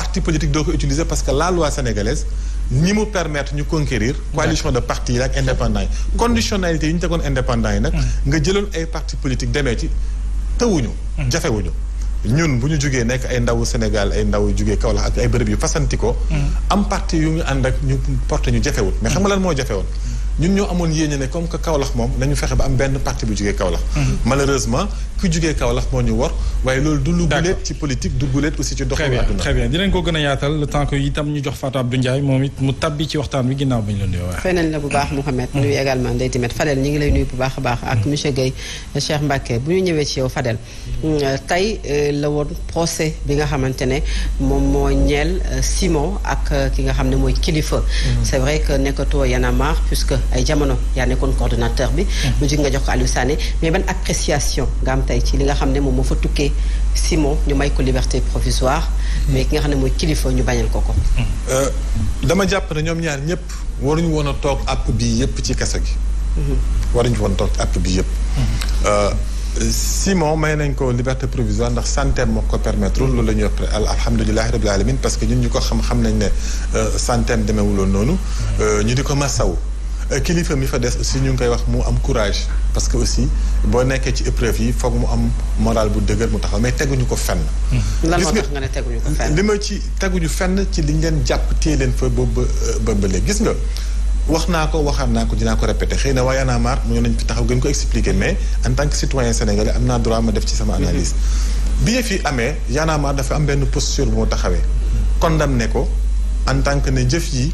parti politique doo ko utiliser parce que la loi sénégalaise ni mu permettre ñu conquérir coalition de parti yi ak indépendant yi conditionnalité yi ñu tegoon indépendant yi nag hmm. nga jëloon ay parti politique demee ci ñu hmm. jafewuñu ñun bu ñu jugee nekk ay ndawu Sénégal ay ndaw jugee Kaolack ak ay bërëb yu fasanti ko hmm. am parti yu ñu ànd ak ñu porté ñu jafewut mais xam nga lan moo jafewoon ñun ñoo amoon yéene ne comme que Kaolack moom nañu fexe ba am benn parti bu jugee Kaolack mhm. malheureusement ku jugee Kaolack moo ñu war waaye loolu du lu guleet ci politique du guleet aussi ci doxalu àdduna très bien dinañ ko gën a yaatal le temps que itam ñu jox Fatou Abdou Ndiaye moom it mu tabbi ci waxtaan bi ginnaaw ba ñu leen di feneen la bu baax Mouhamed mhm. nuyu également Ndeye Timet Fadel ñi ngi lay nuyu bu baax a baax ak mhm. monsieur Guèye Cheikh Mbacké bu ñu ñëwee Euh, tey euh, la woon procès bi nga xamante ne moom moo ñeel euh, Simon ak ki nga xam ne mooy kilifa. Mm-hmm. c'est vrai que nekkatoo Y'en a marre puisque ay jamono yaa nekkoon coordonnateur bi. lu mm-hmm. jig nga jox ko Aliou Sané mais ban appréciation nga am ci li nga xam ne moom moo fa tukkee Simon ñu may ko liberté provisoire. Mm-hmm. mais ki nga xam ne mooy kilifa ñu bañal ko ko. dama jàpp ne ñoom ñaar ñëpp waruñu woon a toog àpp bi yëpp ci kese gi. waruñu woon toog àpp bi yëpp. Simon may nañ ko liberté provisoire ndax santé moo ko permettre loolu la ñuy wax alhamdulilahi rabil alamin parce que ñun ñu ko xam xam nañ ne euh, santé demewuloon noonu. Euh, ñu di ko ma masaw euh, kilifa mi fa des aussi ñu ngi koy wax mu am courage parce que aussi boo nekkee ci épreuve yi foog mu am moral bu dëgër mu taxaw mais teguñu ko fenn. Mm-hmm. lan moo tax nga ne teguñu ko fenn. li ma ci teguñu fenn ci liñ leen jàpp téye leen fa ba ba ba léegi gis nga. wax naa ko waxaat naa ko dinaa ko répété xëy na waaye naa maar mu ñëw nañ fi taxaw gën ko expliquer mais en tant que citoyen sénégalais am naa droit ma def ci sama analyse mm-hmm. bi yëf yi amee yaanaamaar dafa am benn posture bu mu taxawee condamné ko en tant que ne jëf yi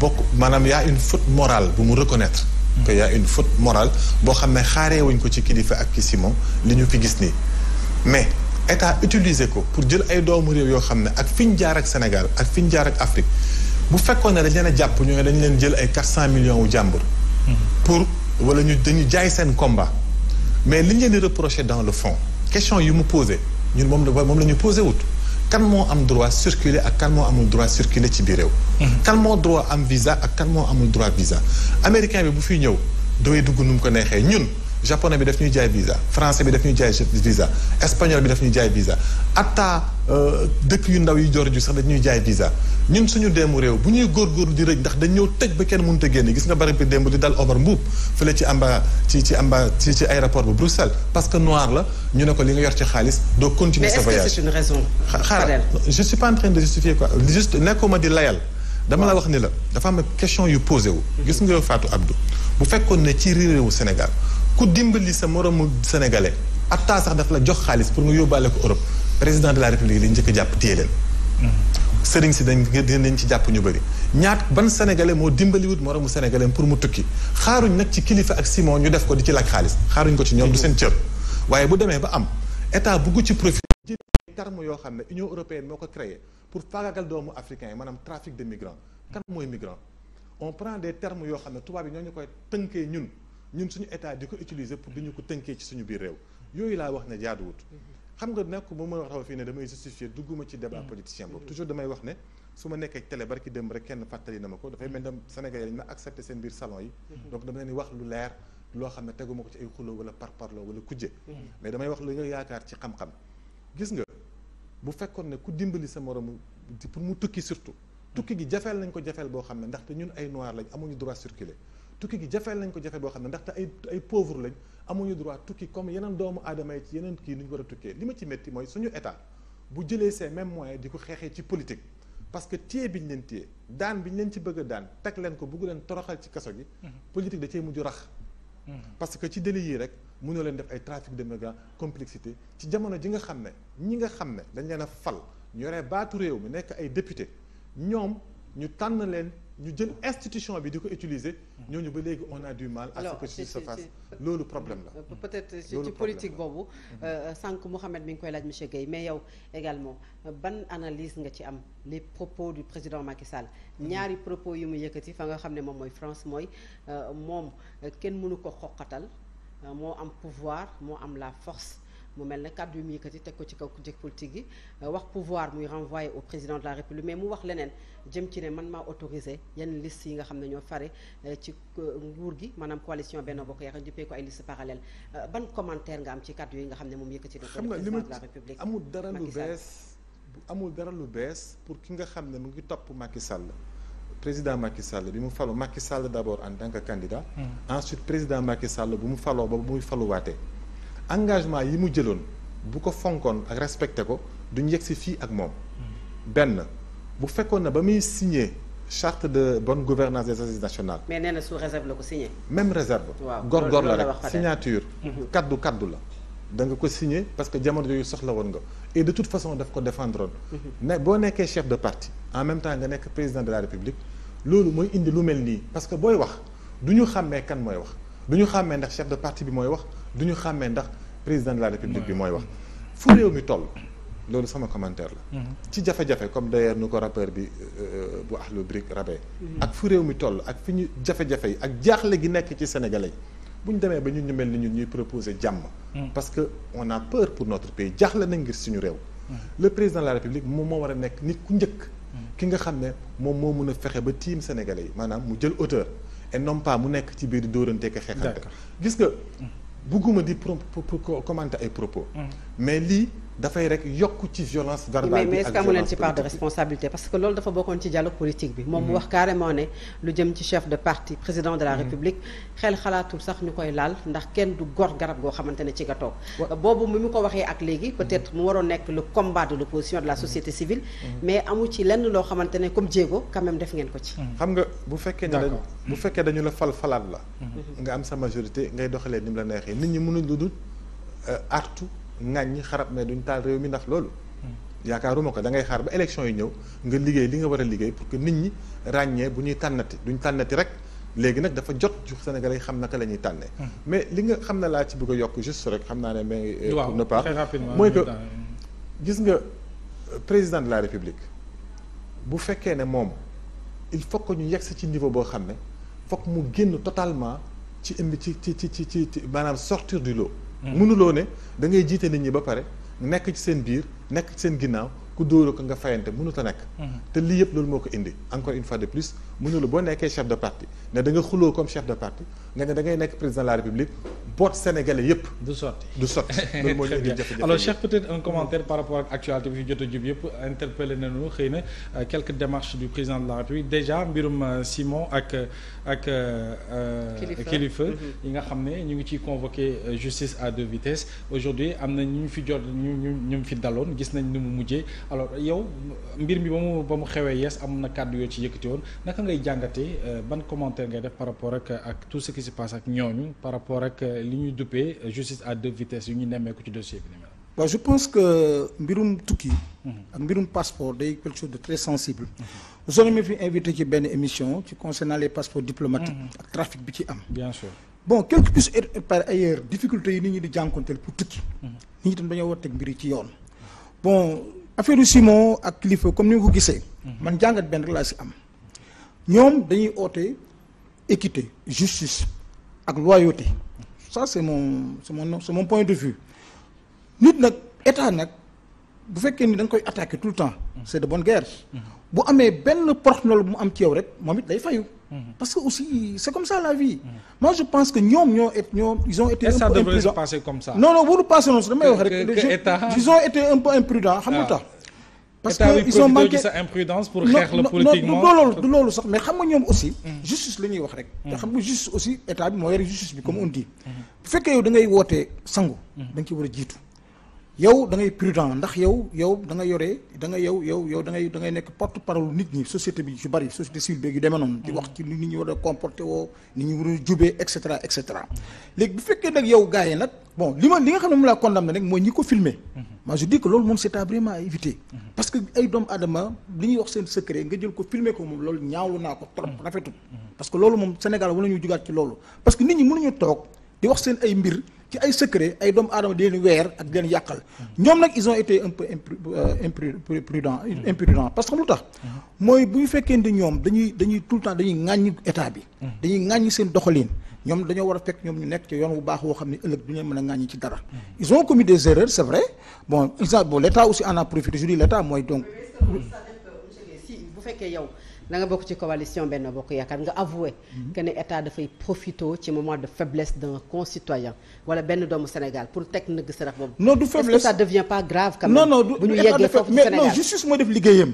bokk maanaam y'a une faute morale bu mu reconnaître mm-hmm. que y'a une faute morale boo xam ne xaaree wuñ ko ci kilifa ak ki simon li ñu fi gis nii mais état utiliser ko pour jël ay doomu réew yoo xam ne ak fi ñu jaar ak Sénégal ak fi ñu jaar ak Afrique bu fekkoon ne dañ leen a jàpp ñooy dañ leen jël ay quatre cent millions wu jàmbur. pour wala ñu dañu jaay seen combat. mais li ñu leen di reprocher dans le fond question yi mu posé ñun moom la moom la ñu posé wut. kan moo am droit circuler ak kan moo amul droit circuler ci biir réew. Mhm. kan moo droit am visa ak kan moo amul droit visa. américain bi bu fi ñëw doy dugg nu mu ko neexee ñun. japonais bi def ñuy jaay visa français bi daf ñuy jaay visa espagnol bi daf ñuy jaay visa atta euh, dëkk yu ndaw yi joor ju sax dañ ñuy jaay visa ñun suñu deemu réew bu ñuy góorgóorlu di rëj ndax dañ ñëw tëj ba kenn mënut te génn gis nga bari bi démb di dal Omar Mbuub fële ci amba ci ci amba ci ci aéroport bu Bruxelles parce que noir la ñu ne ko li nga yor ci xaalis doo continuer sa voyage mais est-ce xaaral je suis de justifier quoi juste nekkuma di layal dama la wax ni la dafa am question yu posé wu gis nga Fatou Abdou bu fekkoon ne ci réewu Sénégal ku dimbali sa moromu sénégalais atta sax daf la jox xaalis pour nga yóbbaale ko Europe président de la république lañ njëkk a jàpp téye leen. Mm-hmm. sëriñ si dañ dañ ci jàpp ñu bëri ñaat ban sénégalais moo dimbaliwut moromu sénégalais pour mu tukki xaaruñ nag ci kilifa ak Simon ñu def ko di ci lakk xaalis xaaruñ ko ci ñoom du seen cër. waaye bu demee ba am état bugg ci profit jëlee terme yoo xam ne Union européenne moo ko créé pour faagaagal doomu africain yi maanaam trafic de migrants. kan mooy migrant on prend des termes xam ne yi ñoo ñu koy tënkee ñun. ñun suñu état di ko utiliser pour dañu ko tënkee ci suñu biir réew yooyu laa wax ne jaaduwut xam nga nekk bu ma waxtaw fii ne damay justifier dugguma ci débat mm-hmm. politicien boobu toujours damay wax ne su ma nekkee télé barki dem rek kenn fàttali na ma ko dafay mel ne Sénégalais dañ ma accepté seen biir salon mm-hmm. wax lu leer loo xam ne teguma ko ci ay xuloo wala parparloo wala kujje mm-hmm. mais damay wax lu nga yaakaar ci xam-xam gis nga bu fekkoon ne ku dimbali sa morom pour mu tukki surtout tukki gi jafeel nañ ko jafeel boo xam ne ndaxte ñun ay noir lañ amuñu droit tukki gi jafee nañ ko jafe boo xam ne ndaxte ay ay lañ amuñu droit tukki comme yeneen doomu aadama yi ci yeneen kii ni ñu war a tukkee li ma ci métti mooy suñu état bu jëlee ces mêmes di ko xeexee ci politique parce que téye bi ñu leen téye daan bi ñu leen ci bëgg daan teg leen ko bëgg leen toroxal ci kaso gi mhm. politique da cee mujj rax mhm. parce que ci délits yii rek mënoo leen def ay trafic de migrants complexité ci jamono ji nga xam ne ñi nga xam ne dañ leen a fal ñu baatu réew mi nekk ay député ñoom ñu tànn leen ñu jël institution bi di ko utiliser ñooñu ba léegi on a du mal à ce que loolu problème la euh, peut-être ci politique boobu euh, sànq Mouhamed mi ngi koy laaj monsieur Guèye mais yow également ban analyse nga ci am les propos du président Macky Sall mhm. ñaari propos yu mu yëkkati fa nga xam ne moom mooy France mooy euh, moom kenn mënu ko xoqatal moo am pouvoir moo am la force mu mel ne kàddu yu mu yëkkati teg ko ci kaw kujje politique gi euh, wax pouvoir muy renvoyé au président de la république mais mu wax leneen jëm ci ne man maa autorisé yenn liste yi nga xam ne ñoo fare euh, ci euh, nguur gi maanaam coalition benn Bokk Yaakaar jëppee ko ay liste parallèle ban commentaire nga am ci kàddu yi nga xam ne moom yëkkati na ko président de la république amul dara lu bees amul lu bees pour ki nga xam ne mu ngi topp Macky Sall président Macky Sall bi mu faloo Macky Sall d'abord en tant que candidat ensuite président Macky Sall bu mu faloo ba bu muy faluwaatee engagement yi mu jëloon bu ko fonkoon ak respecté ko duñ yegg si fii ak moom benn bu fekkoon na ba muy signé charte de bonne gouvernance des assises nationales mais nee na sous réserve la même réserve gor gor la rek signature mhm. kaddu kaddu la da nga ko signé parce que jamono yooyu soxla woon nga et de toute façon daf ko défendre woon mhm. ne boo nekkee chef de parti en même temps nga nekk président de la république loolu mooy indi lu mel nii parce que booy wax du ñu xàmmee kan mooy wax du ñu xàmmee ndax chef de parti bi mooy wax du ñu xàmmee ndax président de la république bi mooy wax fu réew mi toll loolu sama commentaire la mm-hmm. ci jafe-jafe comme d'ailleurs nu ko rappeur bi euh, euh, bu ahlu brick rabee mm-hmm. ak fu réew mi toll ak fi ñu jafe-jafe yi ak jaaxle gi nekk ci sénégalais yi bu ñu demee ba ñu mel ni ñu ñuy proposer jàmm mm. parce que on a peur pour notre pays jaaxle na ngir suñu réew mm-hmm. le président de la république moom moo war a nekk nit ku njëkk mm. ki nga xam ne moom moo mun a fexe ba tiim sénégalais yi maanaam mu jël hauteur et non pas mu nekk ci biir dóorante ak xeexante gis nga bugguma di pro commenter ay propos mm. mais lii dafay rek yokk ci violence verbale mais est-ce que amu leen parce que loolu dafa bokkoon ci dialogue politique bi moom mu mhm. wax carrément ne lu jëm ci chef de parti président de la mhm. république xel xalaatul sax ñu koy laal ndax kenn du gor garab goo xamante ne ci nga toog boobu mi mu ko waxee ak léegi mhm. peut-être mu waroon nekk le combat de l'opposition de la société civile mais amu ci lenn loo xamante ne comme jéego quand même def ngeen ko ci xam nga bu fekkee ne bu fekkee dañu la fal falaat la am sa majorité ngay doxalee ni mu la neexee nit ñi mënuñ lu dul euh, ŋàññi xarab mais duñ taal réew mi ndax loolu hmm. yaakaaruma ko da ngay xaar ba élection yi ñëw nga liggéey li nga war a liggéey pour que nit ñi ràññee bu ñuy tànnati duñ tànnati rek léegi nag dafa jot ju Sénégalais yi xam naka la ñuy tànnee hmm. mais li nga xam ne laa ci bëgg yokk juste rek xam naa ne mais euh, pour ne pas mooy que gis nga euh, président de la république bu fekkee ne moom il faut que ñu yegsi ci niveau boo xam ne fokk mu génn totalement ci indi ci ci ci ci ci maanaam sortir du lot Mm. mënuloo ne da ngay jiite nit ñi ba pare nekk ci seen biir nekk ci seen ginnaaw ku dóora ko nga fayante mënut a nekk mm-hmm. te lii yëpp loolu moo ko indi encore une fois de plus mu ne la boo nekkee chef de parti ne da nga xuloo comme chef de parti nga ne da nekk président de la république boot sénégalais yëpp. du sotti du sotti. loolu moo ñu indi jafe-jafe alors Cheikh peut-être un commentaire par rapport ak actualité bi fi xëy na euh, quelques démarches du président de la république déjà mbirum euh, Simon ak ak. Euh, kilifa mhm. yi nga xam ne ñu ngi ciy convoqué justice à deux vitesses aujourd'hui am na ñu fi jot ñu ñu ñu fi daloon gis nañ ni mu mujjee alors yow mbir mi ba mu ba mu xewee yees am na kàddu yoo ci yëkkati ngay jàngatee euh, ban commentaire ngay def par rapport ak tout ce qui se passe ak ñooñu par rapport ak euh, li ñuy duppee euh, justice à deux vitesses yu ñu nemmeeku ci dossier bi. waaw je mhm. de très sensible. soo demee fi invité ci benn émission ci concernant les passeports diplomatiques. Mhm. ak trafic bi ci am. bien sûr bon quel que puisse par ailleurs difficulté yi nit ñi di jànkonteel pour tukki. Mhm. nit ñi tam dañoo war teg mbir yi ci yoon. bon affaire ak kilifa comme ni nga ko gisee. man jàngat benn rek ñoom dañuy oote équité justice ak loyauté ça c'est mon c'est mon point de vue nit nag état nag bu fekkee ni da nga koy attaquer tout le temps c'est de bonne guerre bu amee benn porte-parole mu am ci rek moom it day fayu parce que aussi c'est comme ça la vie moi je pense que ñoom ñoom ils ont été un peu imprudents ça devrait se passer noonu su damay wax rek ils ont été un peu imprudents xam nga ah. tax parce que ils ont manqué sa imprudence pour xeex la politiquement non loolu du loolu sax mais xam nga ñoom aussi. justice la wax rek. Mm. te xam nga justice aussi état bi moo yore justice bi comme mm. on dit. bu mm. fekkee yow da ngay sangu. da nga war a jiitu. yow da ngay prudent ndax yow yow da nga yore da nga yow yow yow da ngay da ngay nekk porte parole nit ñi société bi ci bari société civile beeg yu demee noonu. di wax ci nit ñi war a comporté woo nit ñi war a bu fekkee nag yow gars yi nag li ma li nga xam ne moom laa condamné ko filmé. Mhm. moi je dis que loolu moom c'est à vraiment à mhm. parce que ay doomu aadama li ñuy wax seen secret nga jël ko ko moom loolu naa ko trop mhm. moom Sénégal wala ñu jugaat ci loolu parce que nit ñi mënuñu toog. di wax seen ay mbir ci ay secret ay doomu aadama di leen weer ak di leen yàqal ñoom nag ils ont été un peu impru euh, prudent imprudent parce que lu tax mooy bu ñu fekkee ne ñoom dañuy dañuy tout le temps dañuy ŋàññi état bi dañuy ŋàññi seen doxalin ñoom dañoo war a fekk ñoom ñu nekk ci yoon bu baax woo xam ne ëllëg du ñu mën a ŋàññi ci dara ils ont commis des erreurs c'est vrai bon ils ont bon l'état aussi en a profité je dis l'état mooy donc bu fekkee yow da nga bokk ci coalition Benno Bokk Yaakaar nga avoué mhm. que ne état dafay profito ci moment de faiblesse d'un concitoyen wala benn doomu Sénégal pour teg nëgg sarax boobu non du faiblesse est-ce pas grave quand même non du bu ñu yeggee foofu Sénégal mais non justice moo def liggéeyam